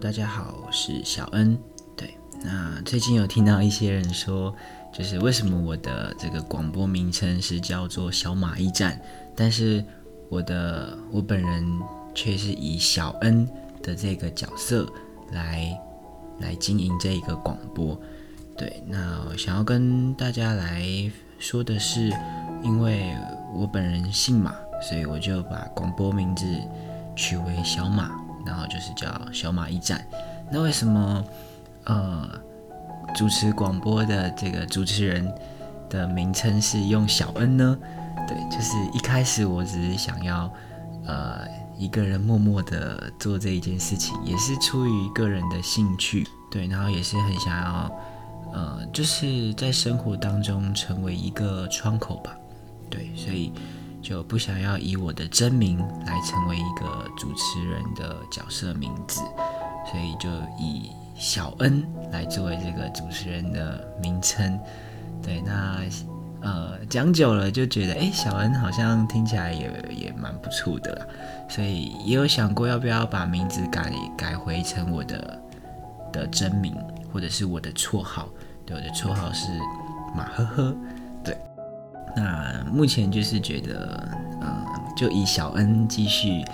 大家好，我是小恩。對，那最近有聽到一些人說，就是為什麼我的這個廣播名稱是叫做小馬驛站，但是我的我本人卻是以小恩的這個角色來來經營這一個廣播。對，那我想要跟大家來說的是，因為我本人姓馬，所以我就把廣播名字取為小馬。然後就是叫小馬驛站。那為什麼，呃，主持廣播的這個主持人的名稱是用小恩呢？對，就是一開始我只是想要，呃，一個人默默的做這一件事情，也是出於個人的興趣，對，然後也是很想要，呃，就是在生活當中成為一個窗口吧，對，所以。就不想要以我的真名來成為一個主持人的角色名字，所以就以小恩來作為這個主持人的名稱。對，那呃講久了就覺得，哎，小恩好像聽起來也也蠻不錯的啦。所以也有想過要不要把名字改改回成我的的真名，或者是我的綽號。對，我的綽號是馬呵呵。那目前就是覺得，嗯、呃，就以小恩繼續，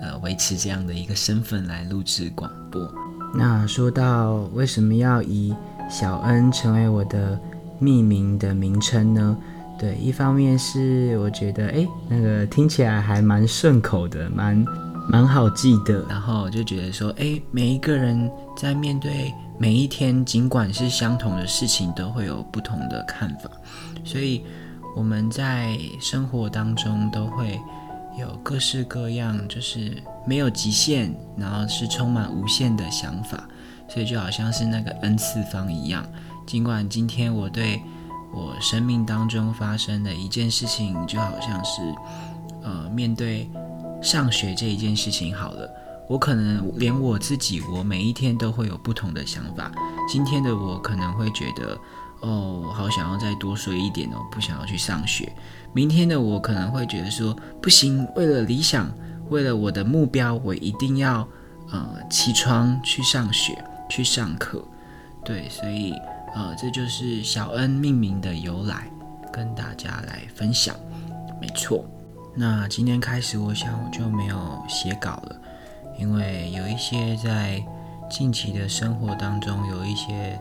呃，維持這樣的一個身份來錄製廣播。那說到為什麼要以小恩成為我的命名的名稱呢？對，一方面是我覺得，哎、欸，那個聽起來還蠻順口的，蠻蠻好記的。然後就覺得說，哎、欸，每一個人在面對每一天，儘管是相同的事情，都會有不同的看法，所以。我們在生活當中都會有各式各樣，就是沒有極限，然後是充滿無限的想法，所以就好像是那個 n 次方一樣。儘管今天我對我生命當中發生的一件事情，就好像是呃面對上學這一件事情好了，我可能連我自己，我每一天都會有不同的想法。今天的我可能會覺得。哦、oh，好想要再多睡一點哦，不想要去上學。明天的我可能會覺得說不行，為了理想，為了我的目標，我一定要，呃，起床去上學，去上課。對，所以，呃，這就是小恩命名的由來，跟大家來分享。沒錯，那今天開始，我想我就沒有寫稿了，因為有一些在近期的生活當中有一些。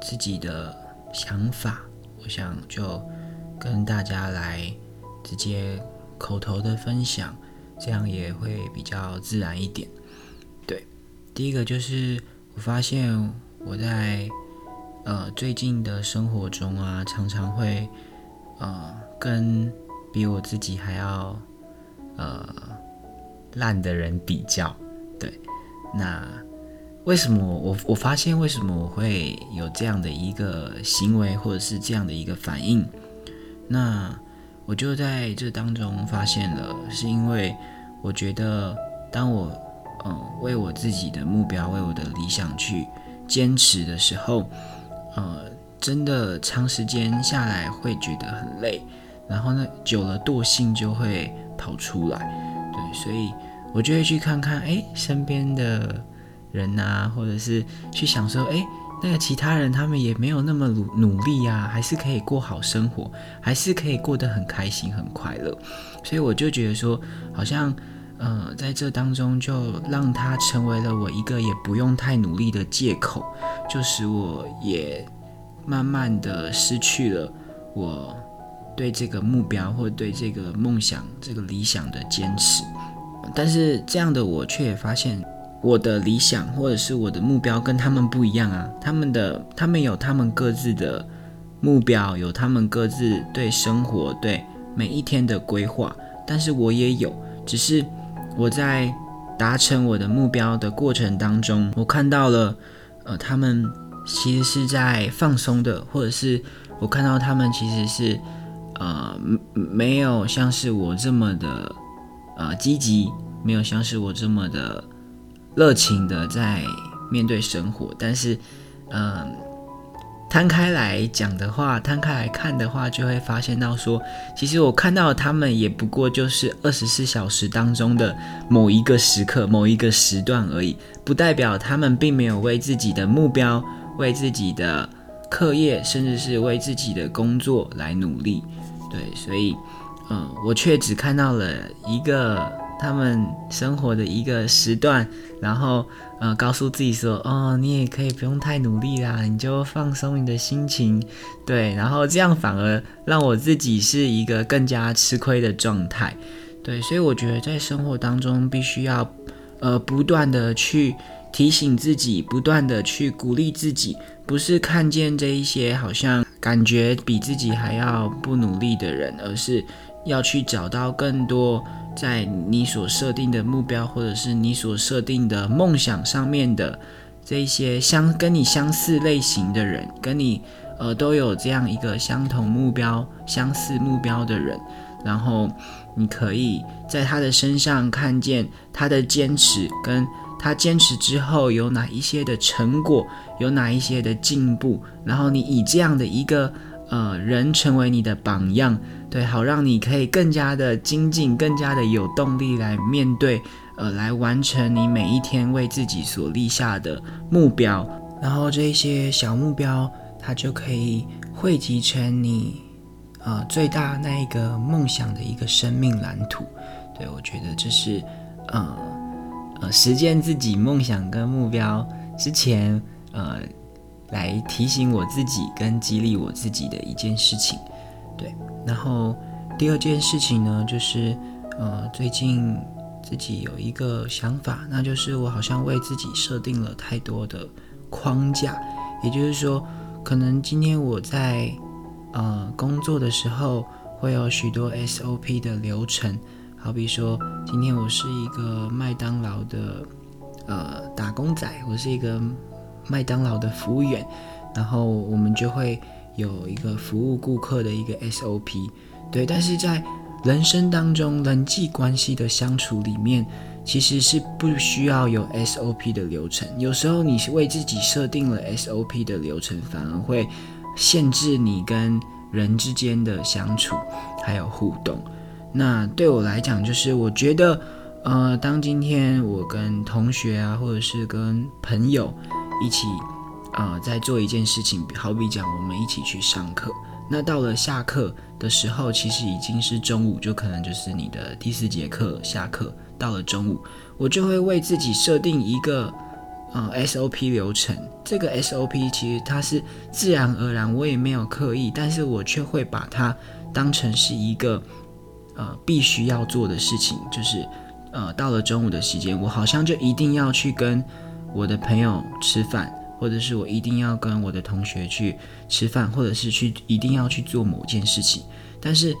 自己的想法，我想就跟大家來直接口頭的分享，這樣也會比較自然一點。對，第一個就是我發現我在呃最近的生活中啊，常常會呃跟比我自己還要呃爛的人比較。對，那。為什麼我我發現為什麼我會有這樣的一個行為，或者是這樣的一個反應？那我就在這當中發現了，是因為我覺得，當我嗯，為我自己的目標、為我的理想去堅持的時候，呃、嗯，真的長時間下來會覺得很累，然後呢，久了惰性就會跑出來。對，所以我就會去看看，哎，身邊的。人啊，或者是去想說，誒、欸，那個其他人他們也沒有那麼努努力啊，還是可以過好生活，還是可以過得很開心、很快樂。所以我就覺得說，好像，呃，在這當中就讓他成為了我一個也不用太努力的借口，就使我也慢慢的失去了我對這個目標或對這個夢想、這個理想的堅持。但是這樣的我卻也發現。我的理想或者是我的目標跟他們不一樣啊，他們的他們有他們各自的目標，有他們各自對生活、對每一天的規劃，但是我也有，只是我在達成我的目標的過程當中，我看到了，呃，他們其實是在放鬆的，或者是我看到他們其實是，呃，沒有像是我這麼的，呃，積極，沒有像是我這麼的。熱情的在面對生活，但是，嗯，攤開來講的話，攤開來看的話，就會發現到說，其實我看到他們也不過就是二十四小時當中的某一個時刻、某一個時段而已，不代表他們並沒有為自己的目標、為自己的課業，甚至是為自己的工作來努力，對，所以，嗯，我卻只看到了一個。他們生活的一個時段，然後呃告訴自己說，哦，你也可以不用太努力啦，你就放鬆你的心情，對，然後這樣反而讓我自己是一個更加吃虧的狀態，對，所以我覺得在生活當中必須要，呃，不斷地去提醒自己，不斷地去鼓勵自己，不是看見這一些好像感覺比自己還要不努力的人，而是要去找到更多。在你所設定的目標，或者是你所設定的夢想上面的這一些相，跟你相似類型的人，跟你呃都有這樣一個相同目標、相似目標的人，然後你可以在他的身上看見他的堅持，跟他堅持之後有哪一些的成果，有哪一些的進步，然後你以這樣的一個。呃，人成為你的榜樣，對，好讓你可以更加的精進，更加的有動力來面對，呃，來完成你每一天為自己所立下的目標。然後這些小目標，它就可以匯集成你，呃，最大那一個夢想的一個生命藍圖。對，我覺得這是，呃，呃，實現自己夢想跟目標之前，呃。來提醒我自己跟激勵我自己的一件事情，對。然後第二件事情呢，就是呃，最近自己有一個想法，那就是我好像為自己設定了太多的框架，也就是說，可能今天我在呃工作的時候會有許多 SOP 的流程，好比說，今天我是一個麥當勞的呃打工仔，我是一個。麥當勞的服務員，然後我們就會有一個服務顧客的一個 SOP，對。但是在人生當中，人際關係的相處裡面，其實是不需要有 SOP 的流程。有時候你是為自己設定了 SOP 的流程，反而會限制你跟人之間的相處還有互動。那對我來講，就是我覺得，呃，當今天我跟同學啊，或者是跟朋友。一起，啊、呃，在做一件事情，好比講我們一起去上課，那到了下課的時候，其實已經是中午，就可能就是你的第四節課下課，到了中午，我就會為自己設定一個，呃，SOP 流程。這個 SOP 其實它是自然而然，我也沒有刻意，但是我卻會把它當成是一個，呃，必須要做的事情，就是，呃，到了中午的時間，我好像就一定要去跟。我的朋友吃飯，或者是我一定要跟我的同學去吃飯，或者是去一定要去做某件事情。但是，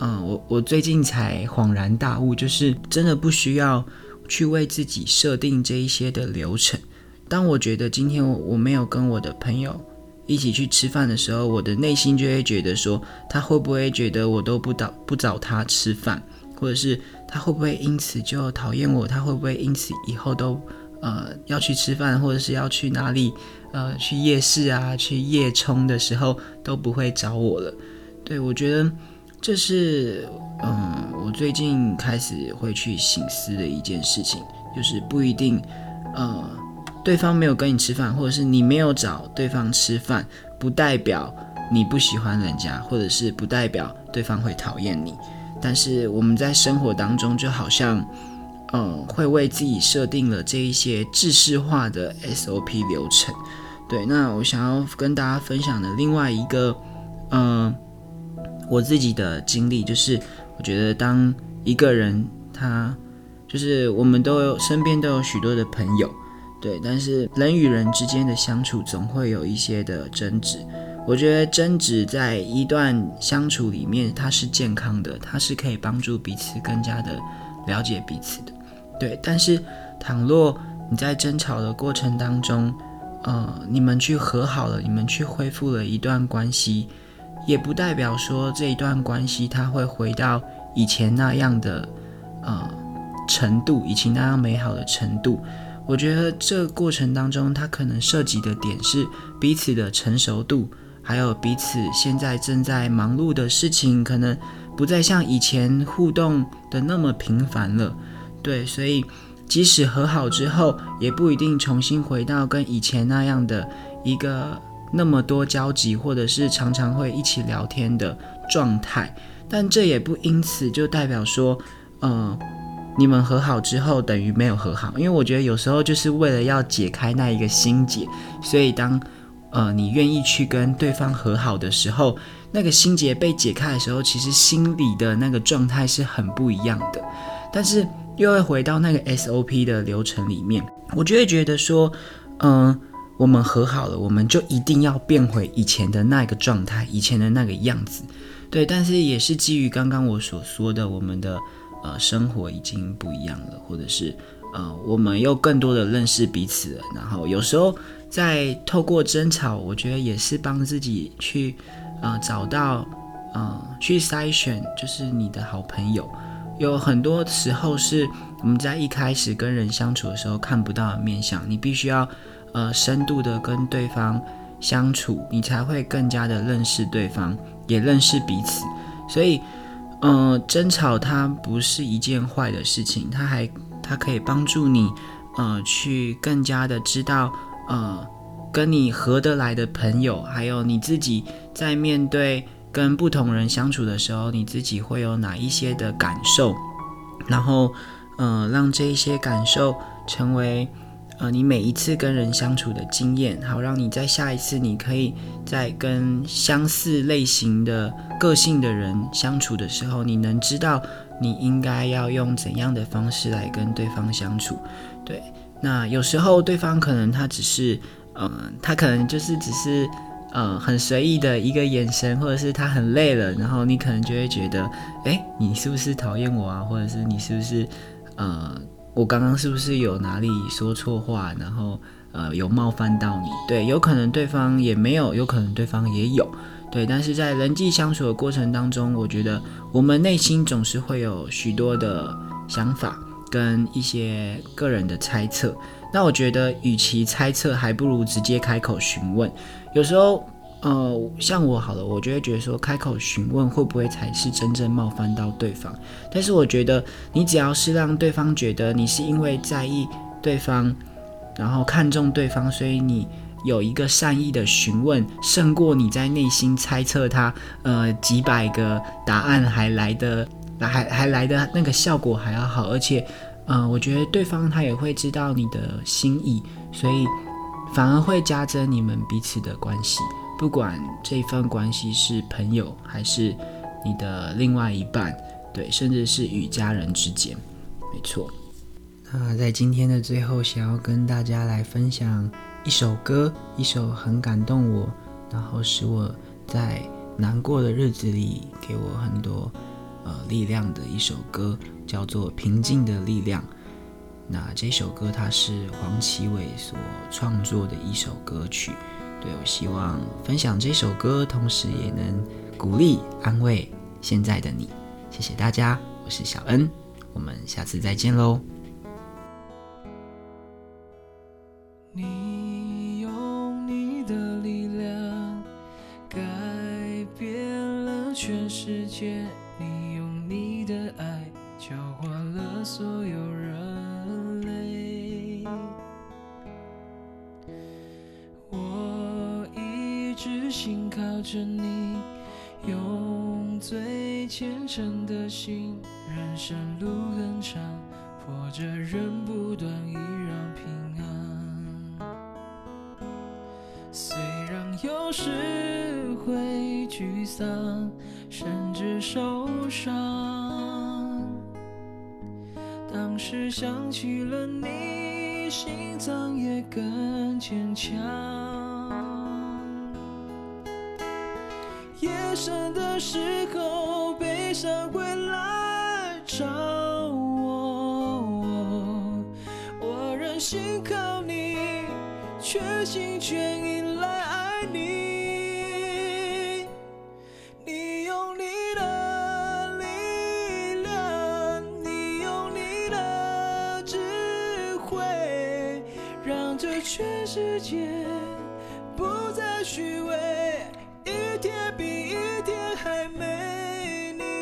嗯，我我最近才恍然大悟，就是真的不需要去為自己設定這一些的流程。當我覺得今天我我沒有跟我的朋友一起去吃飯的時候，我的內心就會覺得說，他會不會覺得我都不找不找他吃飯，或者是他會不會因此就討厭我？他會不會因此以後都……呃，要去吃飯，或者是要去哪裡，呃，去夜市啊，去夜衝的時候都不會找我了。對，我覺得這是，嗯、呃，我最近開始會去省思的一件事情，就是不一定，呃，對方沒有跟你吃飯，或者是你沒有找對方吃飯，不代表你不喜歡人家，或者是不代表對方會討厭你。但是我們在生活當中，就好像。嗯，會為自己設定了這一些制式化的 SOP 流程。對，那我想要跟大家分享的另外一個，嗯，我自己的經歷就是，我覺得當一個人他，就是我們都有身邊都有許多的朋友，對，但是人與人之間的相處總會有一些的爭執。我覺得爭執在一段相處裡面，它是健康的，它是可以幫助彼此更加的了解彼此的。對，但是倘若你在爭吵的過程當中，呃，你們去和好了，你們去恢復了一段關係，也不代表說這一段關係它會回到以前那樣的呃程度，以前那樣美好的程度。我覺得這過程當中，它可能涉及的點是彼此的成熟度，還有彼此現在正在忙碌的事情，可能不再像以前互動的那麼頻繁了。對，所以即使和好之後，也不一定重新回到跟以前那樣的一個那麼多交集，或者是常常會一起聊天的狀態。但這也不因此就代表說，呃，你們和好之後等於沒有和好，因為我覺得有時候就是為了要解開那一個心結，所以當呃你願意去跟對方和好的時候，那個心結被解開的時候，其實心裡的那個狀態是很不一樣的。但是，又會回到那個 SOP 的流程裡面，我就會覺得說，嗯，我們和好了，我們就一定要變回以前的那個狀態，以前的那個樣子，對。但是也是基於剛剛我所說的，我們的呃生活已經不一樣了，或者是呃我們又更多的認識彼此了。然後有時候在透過爭吵，我覺得也是幫自己去呃找到，嗯、呃，去篩選，就是你的好朋友。有很多時候是我們在一開始跟人相處的時候看不到的面相，你必須要呃深度的跟對方相處，你才會更加的認識對方，也認識彼此。所以，呃，爭吵它不是一件壞的事情，它還它可以幫助你呃去更加的知道呃跟你合得來的朋友，還有你自己在面對。跟不同人相處的時候，你自己會有哪一些的感受？然後，嗯、呃，讓這一些感受成為，呃，你每一次跟人相處的經驗，好，讓你在下一次，你可以在跟相似類型的個性的人相處的時候，你能知道你應該要用怎樣的方式來跟對方相處。對，那有時候對方可能他只是，嗯、呃，他可能就是只是。呃，很隨意的一個眼神，或者是他很累了，然後你可能就會覺得，誒，你是不是討厭我啊？或者是你是不是，呃，我剛剛是不是有哪裡說錯話，然後呃，有冒犯到你？對，有可能對方也沒有，有可能對方也有，對。但是在人際相處的過程當中，我覺得我們內心總是會有許多的想法跟一些個人的猜測。那我覺得，與其猜測，還不如直接開口詢問。有時候，呃，像我好了，我就會覺得說，開口詢問會不會才是真正冒犯到對方？但是我覺得，你只要是讓對方覺得你是因為在意對方，然後看重對方，所以你有一個善意的詢問，勝過你在內心猜測他，呃，幾百個答案還來得，還還來得那個效果還要好，而且。嗯，我覺得對方他也會知道你的心意，所以反而會加增你們彼此的關係。不管這份關係是朋友，還是你的另外一半，對，甚至是與家人之間，沒錯。那在今天的最後，想要跟大家來分享一首歌，一首很感動我，然後使我在難過的日子裡給我很多。呃，力量的一首歌叫做《平靜的力量》，那這首歌它是黃綺偉所創作的一首歌曲。對，我希望分享這首歌，同時也能鼓勵安慰現在的你。謝謝大家，我是小恩，我們下次再見嘍。心靠着你，用最虔誠的心。人生路很長，破折人不斷，依然平安。雖然有時會沮喪，甚至受傷，當時想起了你，心臟也更堅強。生的時候，悲傷會來找我，我仍信靠你，全心全意。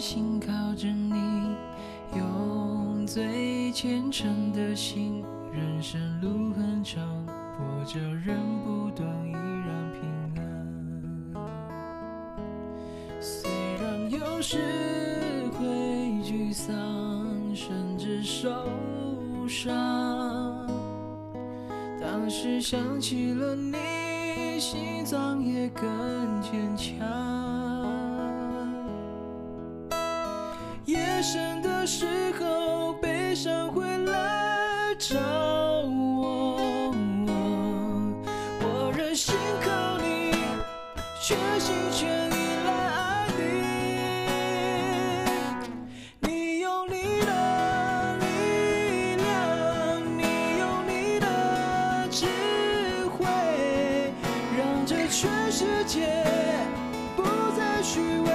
心靠着你，用最虔誠的心。人生路很長，波折人不斷，依然平安。雖然有時會沮喪，甚至受傷，當時想起了你，心臟也更堅強。全世界不再虛偽。